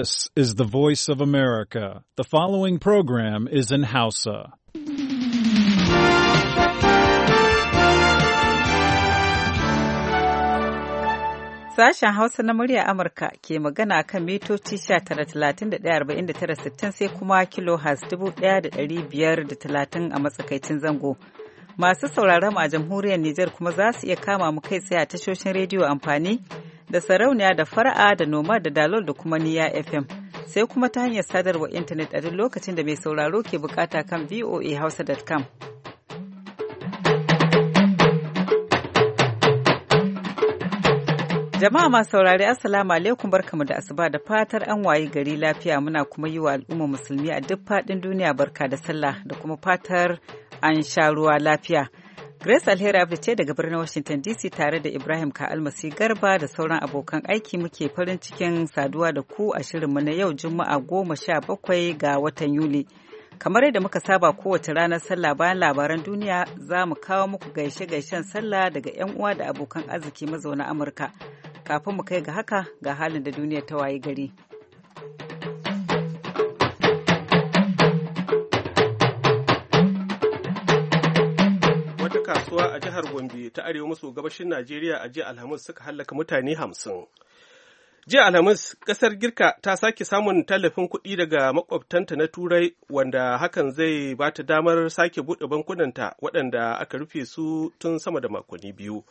This is the voice of America. The following program is in Hausa. Sashen Hausa na murya Amurka ke magana kan mitoci 19,31,49,60 sai kuma kilohaz 1,530 a matsakaicin zango. Masu sauraron a jamhuriyar Nijar kuma za su iya kama mu kai tsaye a tashoshin rediyo amfani da sarauniya da fara'a da noma da dalol da kuma niya FM. Sai kuma ta hanyar sadarwa intanet a duk lokacin da mai sauraro ke bukata kan voahausa.com. Jama'a masu saurari Assalamu alaikum barkamu da asuba da fatar an wayi gari lafiya muna kuma yi wa al'umma musulmi a duk faɗin duniya barka da sallah da kuma fatar an sha ruwa lafiya. Grace Alheri ce daga birnin Washington DC tare da Ibrahim Ka'almasi Garba da sauran abokan aiki muke farin cikin saduwa da ku a shirinmu na yau Juma'a goma sha bakwai ga watan Yuli. Kamar yadda muka saba kowace ranar sallah bayan labaran duniya za mu kawo muku gaishe-gaishen sallah daga 'yan uwa da abokan arziki mazauna Amurka. Kafin mu kai ga haka ga halin da duniya ta waye gari. kasuwa a jihar Gombe ta arewa maso gabashin Najeriya a jiya Alhamis suka hallaka mutane hamsin. Jiya Alhamis, ƙasar Girka ta sake samun tallafin kuɗi daga makwabtanta na Turai wanda hakan zai ba ta damar sake buɗe bankunanta waɗanda aka rufe su tun sama da makonni biyu.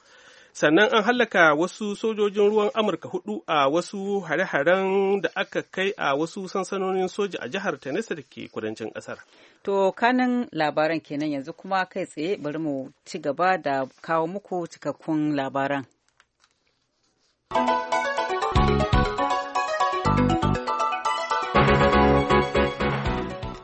sannan an hallaka wasu sojojin ruwan amurka hudu a wasu hare-haren da aka kai a wasu sansanonin soja a jihar tennessee da ke kudancin kasar to kanin labaran kenan yanzu kuma kai tsaye bari mu ci gaba da kawo muku cikakkun labaran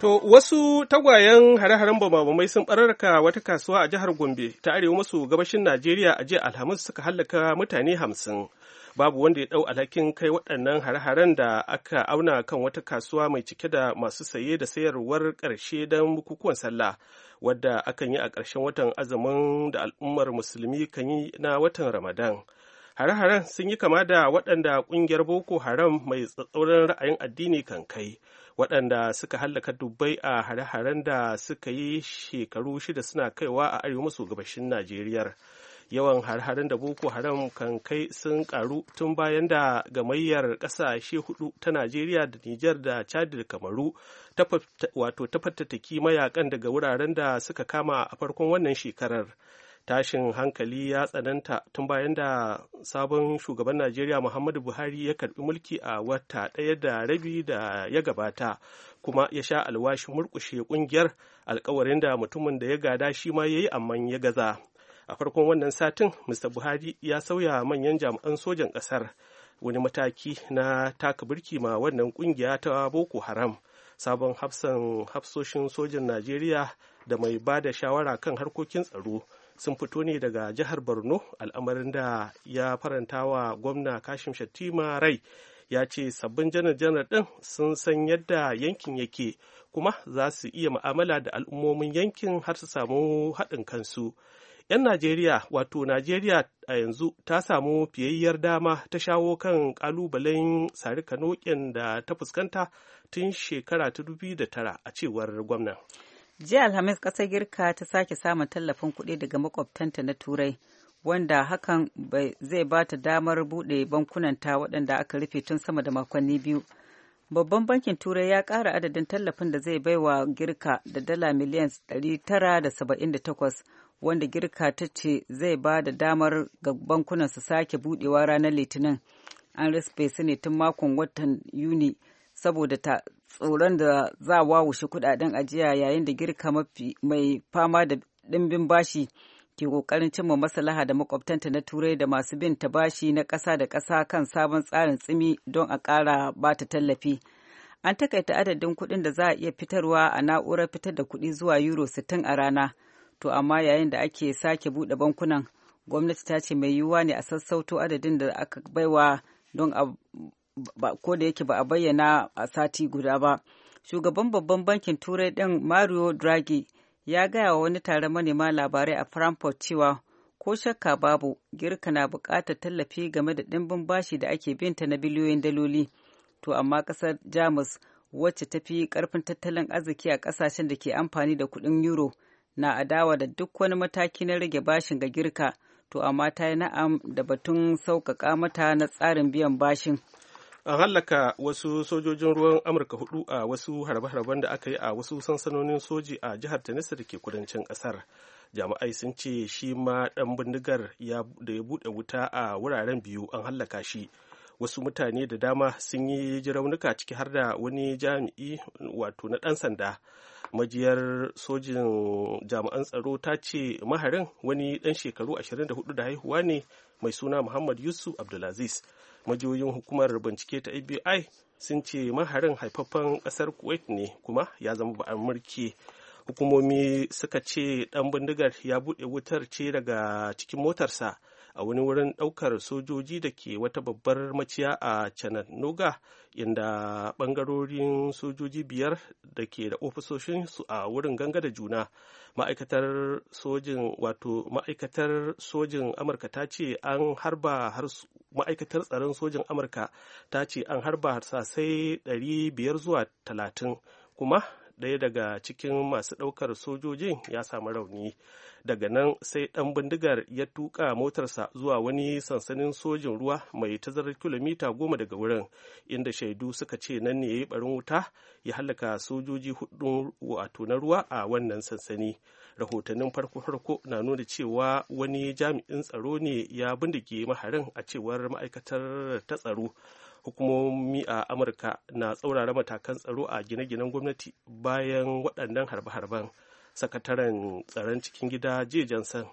To wasu tagwayen hare-haren sun bararka wata kasuwa a jihar Gombe ta arewa maso gabashin Najeriya a jiya Alhamis suka hallaka mutane hamsin. Babu wanda ya ɗau alhakin kai waɗannan hare-haren da aka auna kan wata kasuwa mai cike da masu saye da sayarwar ƙarshe don bukukuwan sallah wadda akan yi a ƙarshen watan azumin da al'ummar musulmi kan yi na watan Ramadan. Hare-haren sun yi kama da waɗanda ƙungiyar Boko Haram mai tsatsauran ra'ayin addini kan kai. waɗanda suka hallaka dubbai a hare-haren da suka yi shekaru shida suna kaiwa a arewa maso gabashin najeriya yawan har-haren da boko haram kan kai sun karu tun bayan da gamayyar ƙasashe hudu ta najeriya da nijar da chad da kamaru wato ta fatataki mayakan daga wuraren da suka kama a farkon wannan shekarar tashin hankali ya tsananta tun bayan da sabon shugaban najeriya muhammadu buhari ya karbi mulki a wata ɗaya da rabi da ya gabata kuma ya sha alwashi murkushe kungiyar alkawarin da mutumin da ya gada shi ma ya yi amma ya gaza a farkon wannan satin mr buhari ya sauya manyan jami'an sojan ƙasar wani mataki na taka birki ma wannan kungiya ta boko haram sabon hafsoshin sojan najeriya da mai ba da shawara kan harkokin tsaro sun fito ne daga jihar borno al'amarin da ya faranta wa gwamna kashim shattima rai ya ce sabbin janar-janar ɗin sun san yadda yankin yake kuma za su iya ma'amala da al'ummomin yankin har su samu haɗin kansu 'yan najeriya wato najeriya a yanzu ta samu fiyayyar dama ta shawo kan ƙalubalen sarika nokin da ta fuskanta tun shekara ta tara a cewar gwamnan. jiya alhamis kasar girka ta sake samun tallafin kuɗi daga makwabtanta na turai wanda hakan zai ba ta damar buɗe bankunanta waɗanda aka rufe tun sama da makonni biyu babban bankin turai ya ƙara adadin tallafin da zai baiwa girka da dala miliyan 978 wanda girka ta ce zai ba da damar ga bankunan su sake buɗewa ranar litinin an rispe su ne tun makon watan yuni saboda ta tsoron da za a wawushe kudaden ajiya yayin da girka mafi mai fama da ɗimbin bashi ke kokarin cimma maslaha da makwabtanta na turai da masu bin ta bashi na ƙasa da ƙasa kan sabon tsarin tsimi don a kara ba ta tallafi an takaita adadin kuɗin da za a iya fitarwa a na'urar fitar da kuɗi zuwa euro 60 a rana to amma yayin da ake sake buɗe bankunan gwamnati ta ce mai yiwuwa ne a sassauto adadin da aka baiwa don a ko da yake ba a bayyana a sati guda ba shugaban babban bankin turai din mario draghi ya gaya wa wani taron manema labarai a frankfurt cewa ko shakka babu girka na buƙatar tallafi game da ɗimbin bashi da ake binta na biliyoyin daloli to amma ƙasar jamus wacce ta fi ƙarfin tattalin arziki a ƙasashen da ke amfani da kuɗin euro na adawa da duk wani mataki na rage bashin ga girka to amma ta yi na'am da batun sauƙaƙa mata na tsarin biyan bashin an hallaka wasu sojojin ruwan amurka hudu a wasu harbe-harben da aka yi a wasu sansanonin soji a jihar tennessee da ke kudancin kasar jami'ai sun ce shi ma dan bindigar da ya bude wuta a wuraren biyu an hallaka shi wasu mutane da dama sun yi raunuka ciki har da wani jami'i wato na ɗan sanda majiyar sojin jami'an tsaro ta ce maharin wani ɗan shekaru 24 da haihuwa ne mai suna muhammad yusuf abdulaziz majiyoyin hukumar bincike ta fbi sun ce maharin haifaffen ƙasar kuwait ne kuma ya zama ba'an mulki. hukumomi suka ce ɗan bindigar ya buɗe wutar ce daga cikin motarsa a wani wurin ɗaukar sojoji da ke wata babbar maciya a Chattanooga inda ɓangarorin sojoji biyar da ke da su a wurin ganga da juna. Ma'aikatar sojin wato ma'aikatar sojin Amurka ta ce an harba har ma'aikatar tsaron sojin Amurka ta ce an harba harsasai 500 zuwa 30 kuma ɗaya daga cikin masu ɗaukar sojojin ya samu rauni daga nan sai ɗan bindigar ya tuka motarsa zuwa wani sansanin sojin ruwa mai tazarar kilomita goma daga wurin inda shaidu suka ce nan ne ya yi barin wuta ya halaka sojoji hudu wato na ruwa a wannan sansani rahotannin farko-farko na nuna cewa wani jami'in tsaro ne ya bindige maharin a cewar ma'aikatar ta tsaro hukumomi a amurka na tsaurara matakan tsaro a gine-ginen gwamnati bayan waɗannan harbe-harben sakataren tsaron cikin gida jiya jansan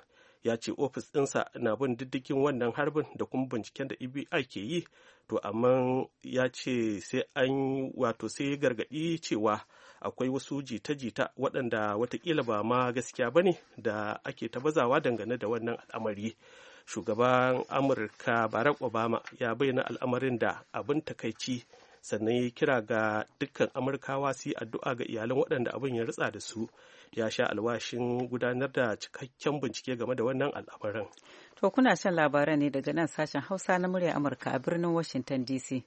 ya ce ofis ɗinsa na bin diddigin wannan harbin da kuma binciken da ibi e ke yi to amma ya ce sai an wato sai gargaɗi cewa akwai wasu jita-jita waɗanda watakila ba ma gaskiya ba ne da ake ta bazawa dangane da wannan al'amari shugaban amurka barack obama ya bayyana al'amarin da abin takaici sannan ya kira ga dukkan amurkawa su yi addu'a ga iyalan waɗanda abin ya ritsa da su ya sha alwashin gudanar da cikakken bincike game da wannan al'amarin to kuna shan labaran ne daga nan sashen hausa na murya amurka a birnin washington dc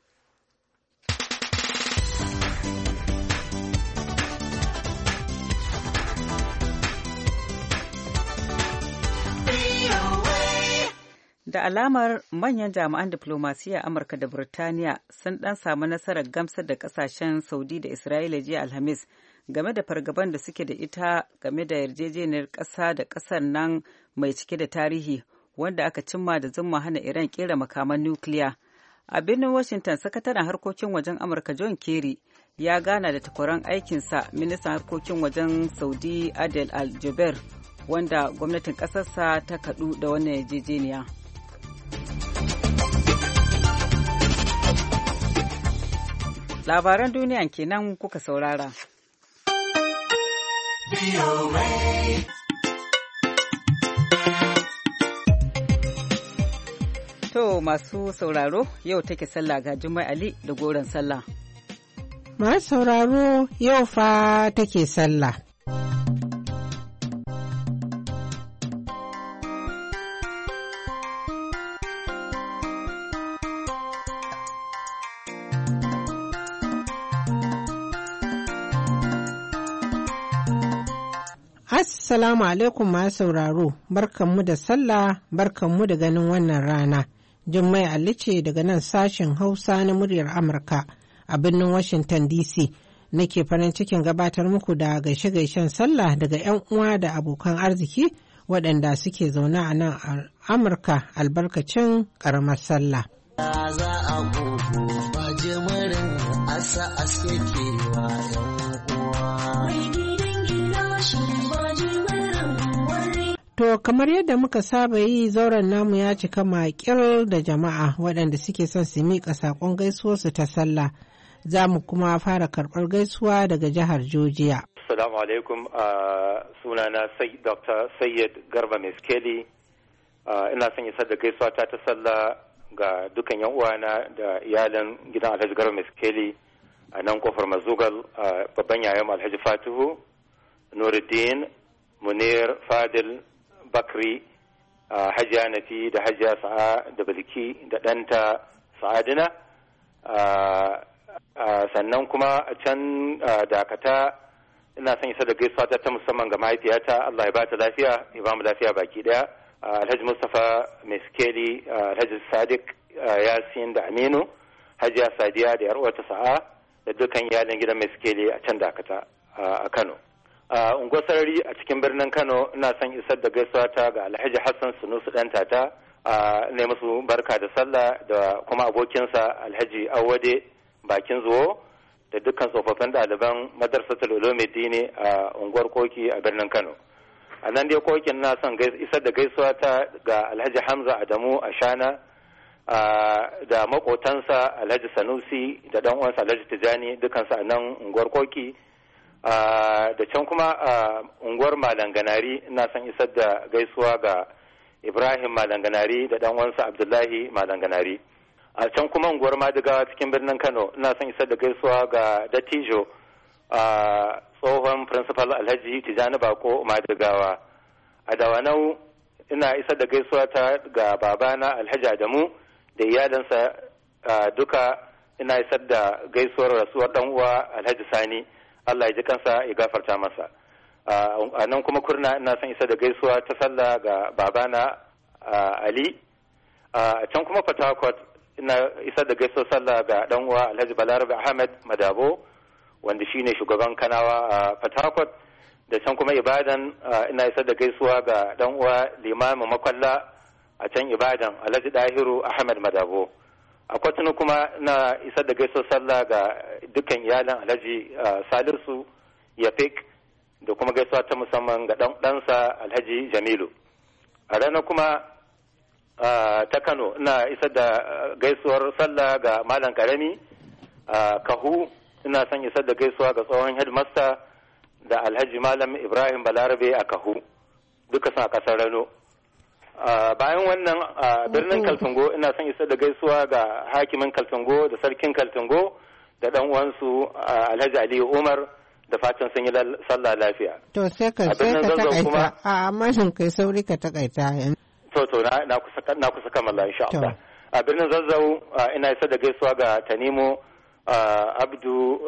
da alamar manyan jami'an diflomasiyya amurka da burtaniya sun dan samu nasarar gamsar da kasashen saudi da isra'ila jiya alhamis game da fargaban da suke da ita game da yarjejeniyar ƙasa da ƙasar nan mai cike da tarihi wanda aka cimma da zumma hana iran kera makaman nukiliya a birnin washington sakataren harkokin wajen amurka john kerry ya gana da takwaran aikinsa ministan harkokin wajen saudi adel al wanda gwamnatin ƙasarsa ta kaɗu da wannan yarjejeniya. Labaran duniyan kenan kuka saurara. To masu sauraro yau take sallah ga Jummai Ali da goron sallah. Masu sauraro yau fa take sallah. Salamu alaikum ma sauraro, barkanmu da sallah, barkanmu da ganin wannan rana. Jummai alli ce daga nan sashen Hausa na muryar Amurka a birnin Washington DC. Nake farin cikin gabatar muku da gaishe-gaishen sallah daga 'yan uwa da abokan arziki waɗanda suke zaune a nan Amurka albarkacin ƙaramar sallah. Za a To kamar yadda muka saba yi zauren namu ya cika makil da jama'a waɗanda suke son su miƙa saƙon su ta sallah. Za mu kuma fara karɓar gaisuwa daga jihar Jojiya. Assalamu alaikum a uh, sunana say, Dr. Sayyid Garba Meskeli. Uh, ina son isar da gaisuwa ta ta sallah ga dukan yan uwana da iyalan gidan Alhaji Garba Meskeli a nan kofar Mazugal uh, babban yayan Alhaji Fatihu, Nuruddin, Munir Fadil, bakri hajiya nafi da hajiya sa'a da bilki da ɗanta sa'adina sannan kuma a can dakata ina son isa da gaisuwa ta musamman ga mahaifiyata Allah ya ba ta lafiya ya ba mu lafiya baki daya Alhaji Mustapha Meskeli Alhaji Sadiq Yasin da Aminu Hajiya Sadiya da yar uwarta Sa'a da dukkan iyalin gidan Meskeli a can dakata a Kano a unguwar sarari a cikin birnin kano ina son isar da gaisuwa ta ga alhaji hassan sunusu ɗan tata a ne musu barka da sallah da kuma abokinsa alhaji awade bakin zuwo da dukkan tsofaffin ɗaliban lolo mai dini a unguwar koki a birnin kano a nan dai kokin na son isar da gaisuwa ta ga alhaji hamza adamu a shana da makotansa alhaji sanusi da ɗan uwansa alhaji tijani dukansu a nan unguwar koki da can kuma a unguwar malanganari na san isar da gaisuwa ga ibrahim malanganari da dan wansa abdullahi malanganari a can kuma unguwar madigawa cikin birnin kano na san isar da gaisuwa ga dattijo a tsohon principal alhaji tijani bako madigawa a dawanau ina isar da gaisuwa ta ga babana alhaji adamu da iyalinsa duka ina isar da gaisuwar rasuwar dan uwa alhaji sani Allah ya ji kansa ya gafarta masa a nan kuma kurna ina son isa da gaisuwa ta sallah ga babana Ali a can kuma Fatakwat ina isa da gaisuwa sallah ga dan uwa Alhaji Balarabe Ahmed Madabo wanda shine shugaban Kanawa a Fatakwat da can kuma Ibadan ina isa da gaisuwa ga dan uwa Limamin Makwalla a can Ibadan Alhaji Dahiru Ahmed Madabo a kwatano kuma na isar da gaisuwar sallah ga dukkan iyalan alhaji salisu yafik da kuma gaisuwa ta musamman ga ɗansa alhaji jamilu a ranar kuma ta kano na isa da gaisuwar sallah ga malam karami kahu ina son isar da gaisuwa ga tsohon headmaster da alhaji malam ibrahim balarabe a kahu duka a kasar rano bayan wannan birnin mm-hmm. kaltungo ina son isar da gaisuwa ga hakimin kaltungo da sarkin kaltungo da dan uwansu alhaji aliyu umar da fatan sun yi sallah lafiya to sai ka sai ka takaita a amma shin kai sauri ka takaita to to na kusa na kusa kammala insha Allah a birnin zazzau ina isar da gaisuwa ga tanimo abdu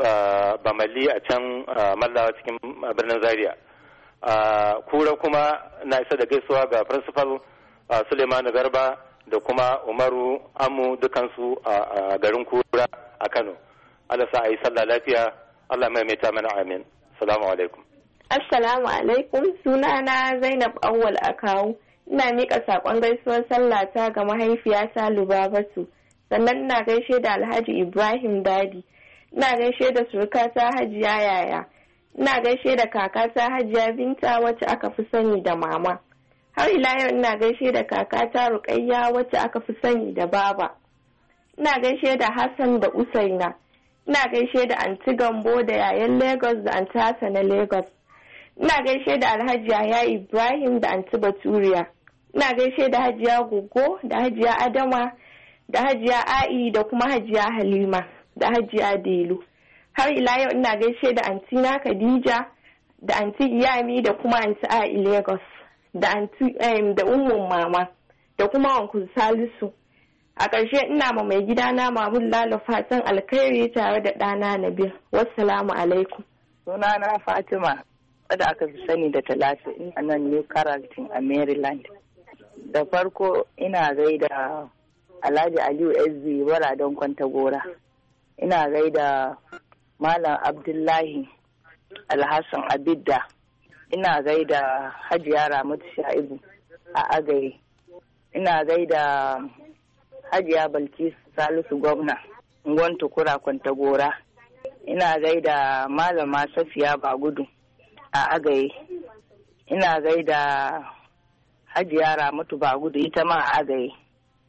bamali a can mallawa cikin birnin zaria kura kuma na isar da gaisuwa ga principal Suleiman Garba da kuma Umaru Amu dukansu a garin Kura a Kano. Allah sa a yi sallah lafiya, Allah maimaita mana amin. Salamu alaikum. Assalamu alaikum, suna na Zainab a Akawu. Ina miƙa saƙon gaisuwar sallah ta ga mahaifiyata Lubabatu. Sannan ina gaishe da Alhaji Ibrahim Dadi. Ina gaishe da surukata Hajiya Yaya. Ina gaishe da kakata Hajiya Binta wacce aka fi sani da mama. har ila yau ina gaishe da kakata Rukayya wacce aka fi sani da baba ina gaishe da Hassan da Usaina ina gaishe da anti Gambo da yayan Lagos da anti Hassan na Lagos ina gaishe da Alhaji yaya Ibrahim da anti Baturiya ina gaishe da Hajiya Gogo da Hajiya Adama da Hajiya A'i da kuma Hajiya Halima da Hajiya Delu har ila yau ina gaishe da antina Khadija da anti Iyami da kuma anti A'i Lagos da anti da umman mama da kuma wanku Salisu. A ƙarshe ina ma mai na Mamun lalafa fatan alkhairi tare da ɗana biyu wasalamu alaikum. Suna na Fatima, wadda aka fi sani da Talatu, ina nan New Carrollton a Maryland. Da farko ina gaida Alhaji Aliyu SB bara don kwanta gora. Ina gaida Malam Abdullahi Alhassan Abidda ina gaida hajiya ramatu sha'ibu a agari ina gaida hajiya balkisu salisu gwamna ngon tukura gora ina gaida malama safiya bagudu a agaye ina gaida hajiya ramatu bagudu ita ma a agaye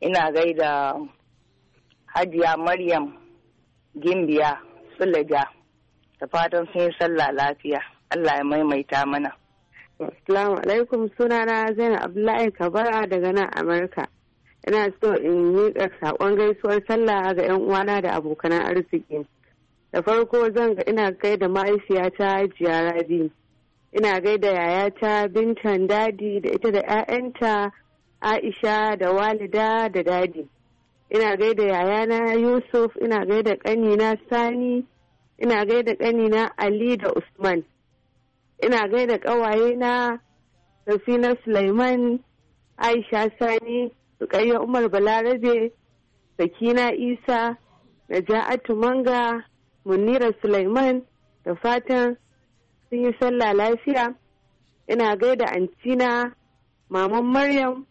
ina gaida hajiya maryam gimbiya sulaja da fatan sun yi sallah lafiya Allah ya maimaita mana. Assalamu alaikum sunana Zainab Abdullahi Kabara daga nan Amurka. Ina so in yi saƙon gaisuwar sallah ga 'yan uwana da abokan arziki. Da farko zan ga ina da ma'aifiyata Jiya Rabi. Ina gai gaida yayata Bintan Dadi da ita da 'ya'yanta Aisha da Walida da Dadi. Ina gai da yayana Yusuf, ina gai da ƙanina Sani, ina gai gaida ƙanina Ali da Usman. ina gaida ƙawaye na Safina Sulaiman, Aisha Sani, Rukayya Umar Balarabe, Sakina Isa, Naja'atu Manga, Munira Sulaiman da fatan sun yi sallah lafiya. Ina gaida antina Maman Maryam,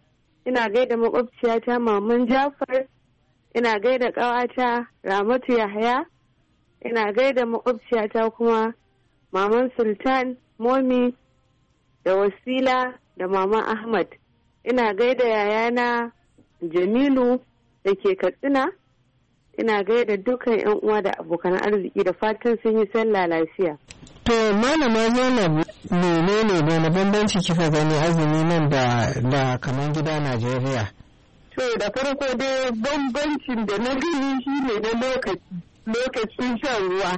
ina gaida makwabciyata Maman Jafar, ina gaida ƙawata Ramatu Yahaya, ina gaida makwabciyata kuma Maman Sultan. momi da wasila da mama ahmad ina gaida yayana jamilu da ke katsina ina gaida dukkan yan uwa da abokan arziki da fatan sun yi sallah lafiya to malama zainab menene ne na bambanci kika gani azumi nan da da kaman gida najeriya to da farko dai bambancin da na gani shi ne na lokaci lokacin shan ruwa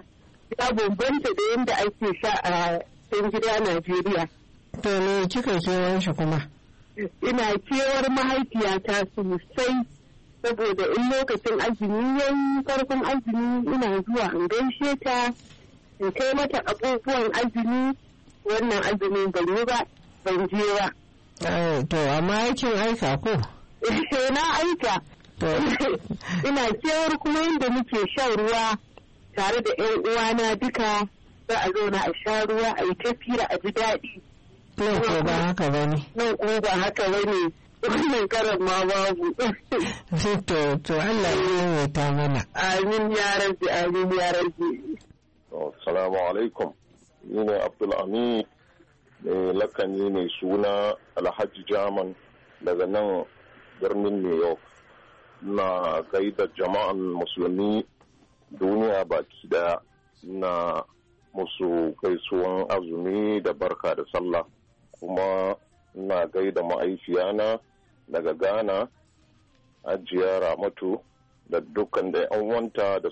ya bambanta da yadda ake sha a cikin gida Najeriya. To me kika kewar shi kuma? Ina kewar mahaifiyata sosai saboda in lokacin azumi yayi farkon azumi ina zuwa in gaishe ta in kai mata abubuwan azumi wannan azumin ba yi ba ban je ba. Eh, to amma kin aika ko? Na aika. Ina kewar kuma inda muke shan ruwa tare da 'yan uwana duka za a zauna a sha ruwa a yi tafiya a ji daɗi. Nan ko ba haka ba ne. Nan ko ba haka ba ne. Wannan karan ma babu. To, to Allah ya yi ta mana. Amin ya rabbi, amin ya rabbi. Assalamu alaikum. Ni ne Abdul Amin. ne lakani mai suna Alhaji Jaman daga nan birnin New York. Na gaida jama'an musulmi duniya baki daya na musu gaisuwan azumi da barka da sallah kuma ina gaida ma'aifiyana daga ghana ajiya ramatu da dukkan da yan wanta da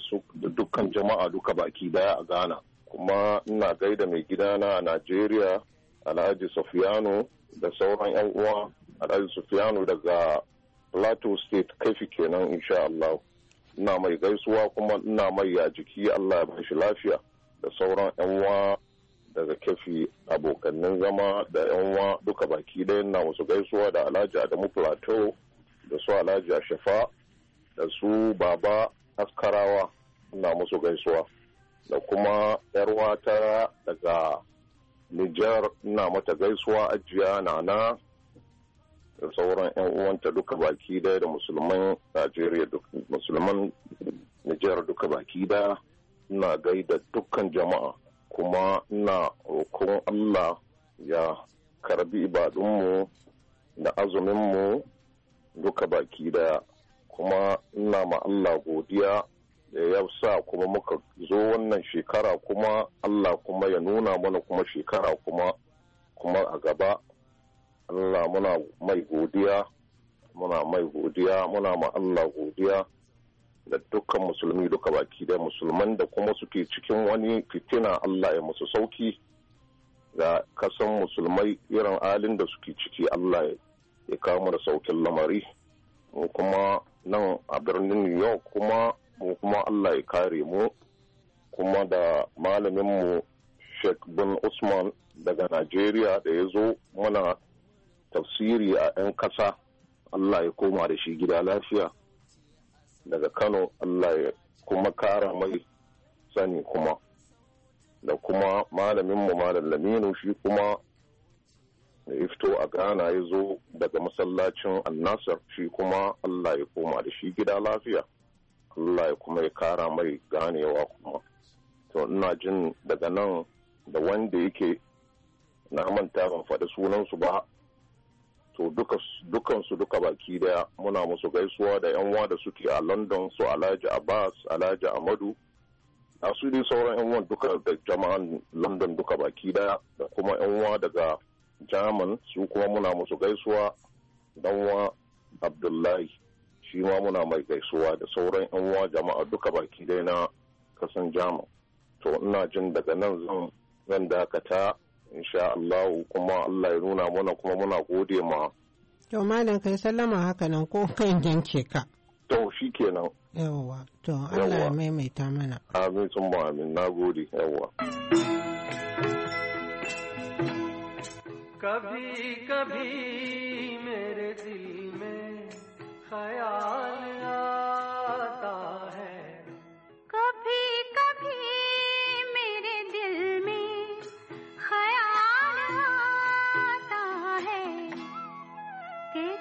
dukkan jama'a duka baki daya a ghana kuma ina gaida mai gidana a nigeria alhaji sofiano da sauran yan uwa alhaji sofiano daga plateau state kaifi kenan insha allah ina mai gaisuwa kuma ina mai ya jiki allah ya bashi lafiya da sauran 'yan uwa daga kefi abokannin zama da 'yan uwa duka baki ɗaya na musu gaisuwa da alhaji adamu plateau da su alhaji shafa da su baba askarawa na musu gaisuwa da kuma 'yar wata daga nijar na mata gaisuwa ajiya nana da sauran 'yan uwanta duka baki ɗaya da musulman najeriya musulman nijar duka baki daya ina gaida dukkan jama'a kuma ina roƙon Allah ya karbi ibadunmu da azuminmu duka baki daya kuma ina ma Allah godiya da ya sa kuma muka zo wannan shekara kuma Allah kuma ya nuna mana kuma shekara kuma kuma a gaba Allah muna mai godiya muna mai godiya muna ma Allah godiya da dukkan musulmi duka baki da musulman da kuma suke cikin wani fitina Allah ya musu sauki ga kasan musulmai irin halin da suke ciki Allah ya kama da saukin lamari mu kuma nan a birnin New York kuma mu kuma Allah ya kare mu kuma da malamin mu Sheikh bin Usman daga Najeriya da ya zo mana tafsiri a 'yan kasa Allah ya koma da shi gida lafiya. daga kano allah ya kuma kara mai sani kuma da kuma malaminmu malam laminu shi kuma da ya a ghana ya zo daga masallacin annasar shi kuma allah ya koma da shi gida lafiya allah ya kuma ya kara mai ganewa kuma to ina jin daga nan da wanda yake na manta ban faɗi sunansu ba to dukansu duka baki daya muna musu gaisuwa da yan da suke a london su alhaji abbas alhaji amadu a su ne sauran yan duka da jama'an london duka baki daya da kuma yan daga german su kuma muna musu gaisuwa danwa abdullahi shi ma muna mai gaisuwa da sauran yan jama'a duka baki daya na kasan german to ina jin daga nan zan dakata insha Allah kuma Allah ya nuna mana kuma muna gode ma to malam kai sallama haka nan ko kan yanke ka to shikenan yawwa to Allah ya maimaita mana amin sun amin na gode yawwa Kabi kabi mere dil mein khayal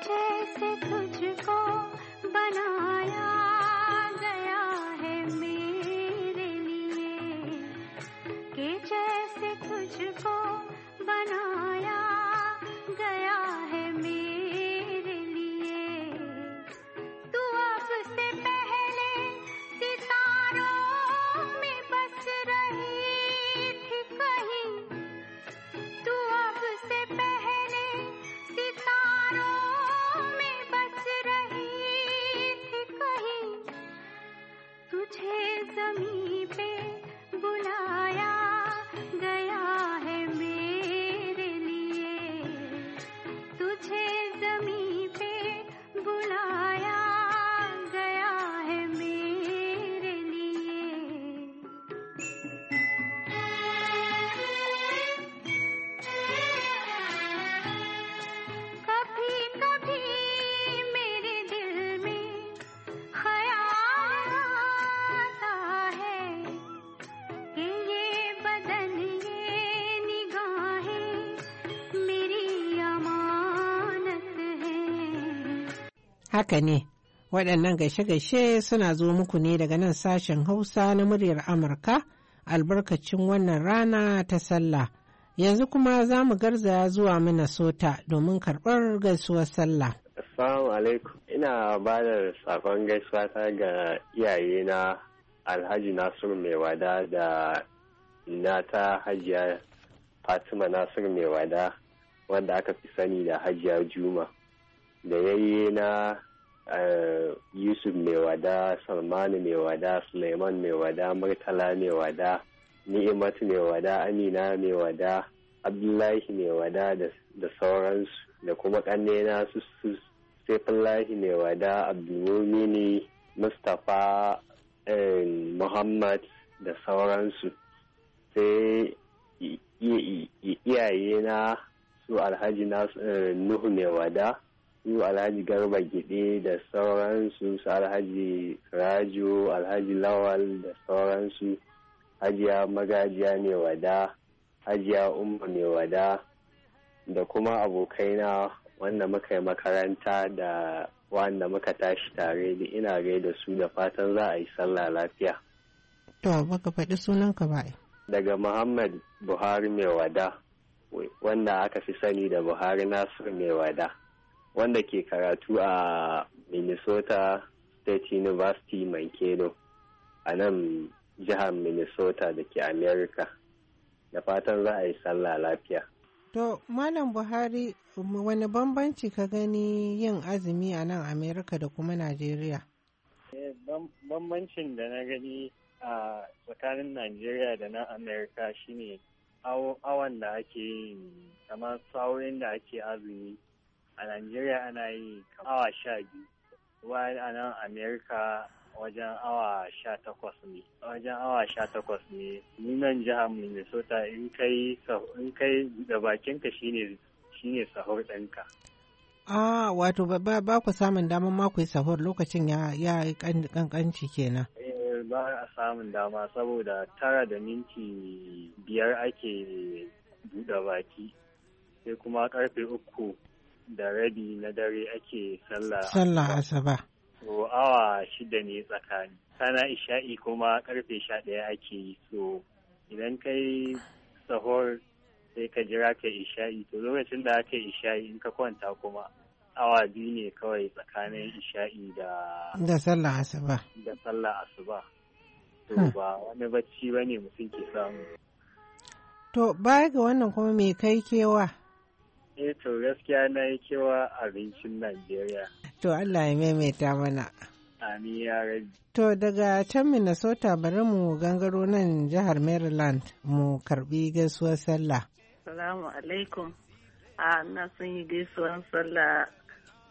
जैसे तुझको बना Haka ne, waɗannan gaishe-gaishe suna zo muku ne daga nan sashen Hausa na muryar Amurka albarkacin wannan rana ta sallah. Yanzu kuma za mu garzaya zuwa Minnesota domin karɓar gaisuwar sallah. Assalamu alaikum. Ina ba da sakon gaisuwa ta ga iyaye na Alhaji Nasiru mai wada da nata Hajiya Fatima Nasiru mai wada wanda aka fi sani da Hajiya Juma. da yayye na eh, yusuf mai wada salmanu mai wada suleiman mai wada murtala mai wada ni'imat mai wada amina mai wada abdullahi mai wada da sauransu da kuma ƙannena su saifullahi mai wada abdulmumini mustapha eh, muhammad da sauransu sai iyayena su alhaji eh, nuhu mai wada su alhaji garba gide da sauransu su alhaji rajo alhaji lawal da sauransu hajiya magajiya mai wada hajiya umma mai wada da kuma abokaina wanda muka yi makaranta da wanda muka tashi tare da ina gaida su da fatan za a yi sallah lafiya. To, baka faɗi sunanka ba. Daga Muhammad Buhari mai wada, wanda aka fi sani da Buhari Nasir mai wada. wanda ke karatu a minnesota state university mankato a nan jihar minnesota da ke america da fatan za a yi sallah lafiya to malam buhari wani bambanci ka gani yin azumi a nan Amerika da kuma najeriya eh, bambancin da na gani a tsakanin najeriya da na Amerika shine awan da ake yi kamar saurin da ake azumi a Najeriya ana yi awa sha biyu wani a nan Amerika wajen awa sha takwas ne wajen awa sha takwas ne nunan jihar Minnesota in kai in kai da bakinka shine shine sahur ɗinka. Ah, wato ba, ba ku samun damar ma ku yi sahur lokacin ya ya kankanci kenan. Eh, ba a samun dama saboda tara da minti biyar ake buɗe baki sai kuma karfe uku da rabi na dare ake sallah asaba so awa shida ne tsakani kana isha'i kuma karfe sha ɗaya ake yi so idan kai sahor sai ka jira ka isha'i to lokacin da aka isha'i in ka kwanta kuma awa biyu ne kawai tsakanin isha'i da da sallah asuba da sallah asuba to hmm. ba wani bacci bane mutum ke samu to baya ga wannan kuma me kai kewa eh to gaskiya na yi kewa abincin najeriya to allah ya maimaita mana amin ya rabi to daga can minnesota bari mu gangaro nan jihar maryland mu karbi gaisuwar sallah salamu alaikum a na sun yi gaisuwar sallah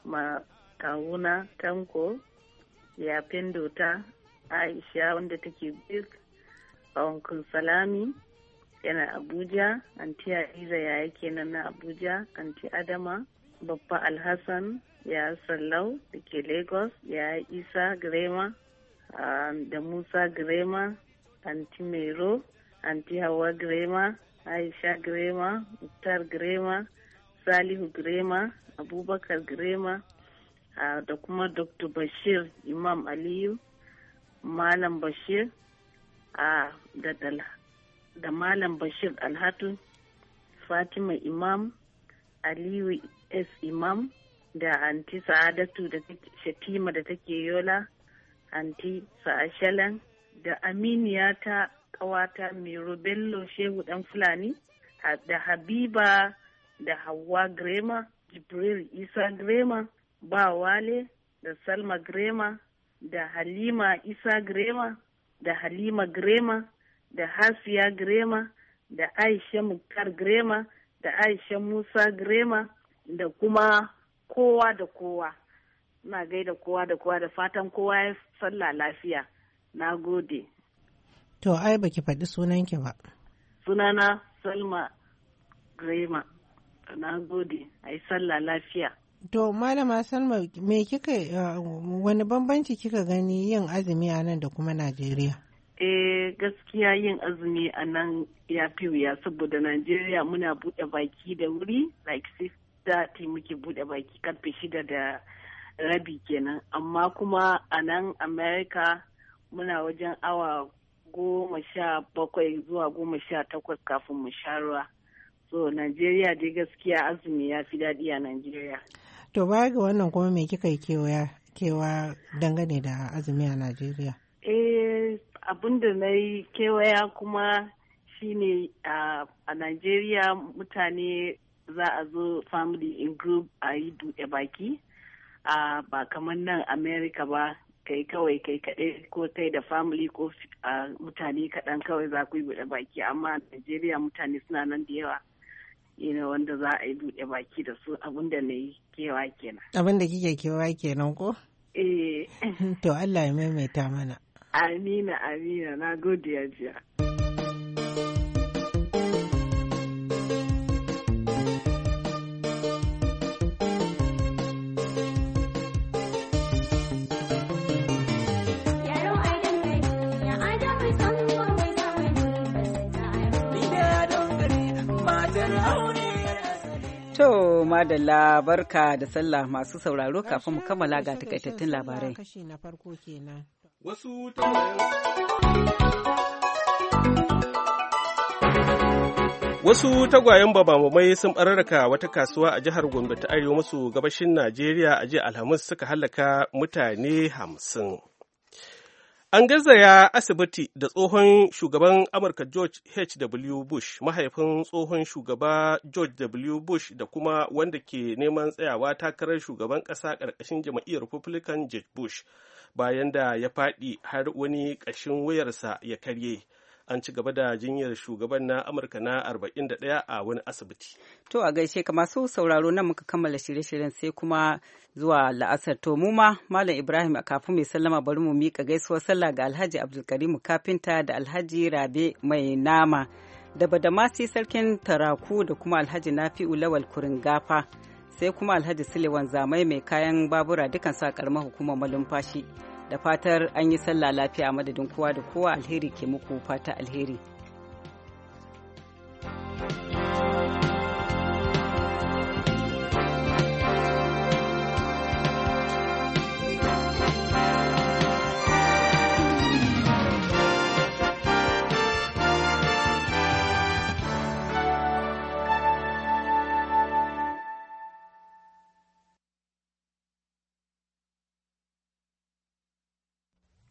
ma kawuna tanko yafin dota aisha wanda take bik a salami yana abuja anti ya yi kenan na abuja anti adama babba alhassan ya sallau da ke lagos ya isa grema um, da musa grema anti mero anti hawa grema aisha grema muktar grema salihu grema abubakar grema uh, da kuma dr bashir imam aliyu malam bashir uh, da da Malam Bashir Alhatu, Fatima Imam, Aliyu S. Imam, da Anti Sa'adatu da Shatima da take Yola, Anti Sa'ashalan, da Aminiya ta ƙawata Mirobello Shehu ɗan Fulani, da Habiba da Hauwa Grema, Jibril Isa Grema, Ba Wale, da Salma Grema, da Halima Isa Grema, da Halima Grema, da hasiya grema da aisha muktar grema da aisha musa grema da kuma kowa da kowa na gaida kowa da kowa da fatan kowa ya sallah lafiya na gode to ai baki faɗi sunanki ba sunana salma grema na gode ai sallah lafiya to malama salma me kika eh, wani bambanci kika gani yin azumi a nan da kuma najeriya Eh gaskiya yin azumi a nan ya fi wuya saboda Najeriya muna buɗe baki da wuri like six ta muke buɗe baki karfe shida da rabi kenan amma kuma a nan America muna wajen awa goma sha bakwai zuwa goma sha takwas kafin mu sha ruwa. So Najeriya dai gaskiya azumi ya fi daɗi a Najeriya. To baya ga wannan kuma me kika yi kewa dangane da azumi a Najeriya? Eh abin da na yi kewaya kuma shine ah, a Najeriya mutane za a zo family in group a yi duɗe baki ah, ba kamar nan America ba kai kawai kai kaɗai ko kai da family ko ah, mutane kaɗan kawai za ku yi buɗe baki amma Najeriya mutane suna nan da yawa ne wanda za a yi buɗe baki da su abin da na yi kewa kenan. Abin da kike kewa kenan ko? Eh. to Allah ya maimaita mana. Amina, Amina, na gode jiya. To, madalla barka da sallah masu sauraro kafin mu kammala ga takaitattun labarai. Kashi na farko kenan. wasu Wasu tagwayen babamamai sun bararraka wata kasuwa a jihar Gombe ta Arewa maso gabashin Najeriya a jiya Alhamis suka halaka mutane hamsin. An gazzaya asibiti da tsohon shugaban Amurka George H.W. Bush, mahaifin tsohon shugaba George W. Bush da kuma wanda ke neman tsayawa takarar shugaban ƙasa ƙarƙashin jam'iyyar Republican George Bush, bayan da ya faɗi har wani ƙashin wayarsa ya karye. an ci gaba da jinyar shugaban na amurka na 41 a wani asibiti to a gaishe ka masu sauraro nan muka kammala shirye-shiryen sai kuma zuwa la'asar to mu ma malam ibrahim a kafin mai sallama bari mu mika gaisuwar sallah ga alhaji abdulkarimu kafinta da alhaji rabe mai nama da badamasi sarkin taraku da kuma alhaji nafi'u lawal gafa sai kuma alhaji sule zamai mai kayan babura dukkan sa karamar hukumar malumfashi da fatar an yi sallah lafiya madadin kowa da kowa alheri ke muku fata alheri